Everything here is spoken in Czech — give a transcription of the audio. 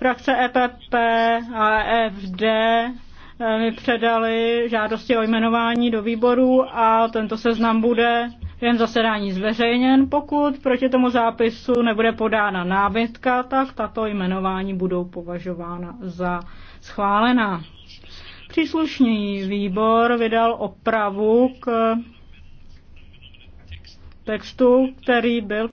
Frakce EPP a EFD eh, mi předali žádosti o jmenování do výboru a tento seznam bude jen zasedání zveřejněn. Pokud proti tomu zápisu nebude podána námitka, tak tato jmenování budou považována za schválená. Příslušný výbor vydal opravu k textu, který byl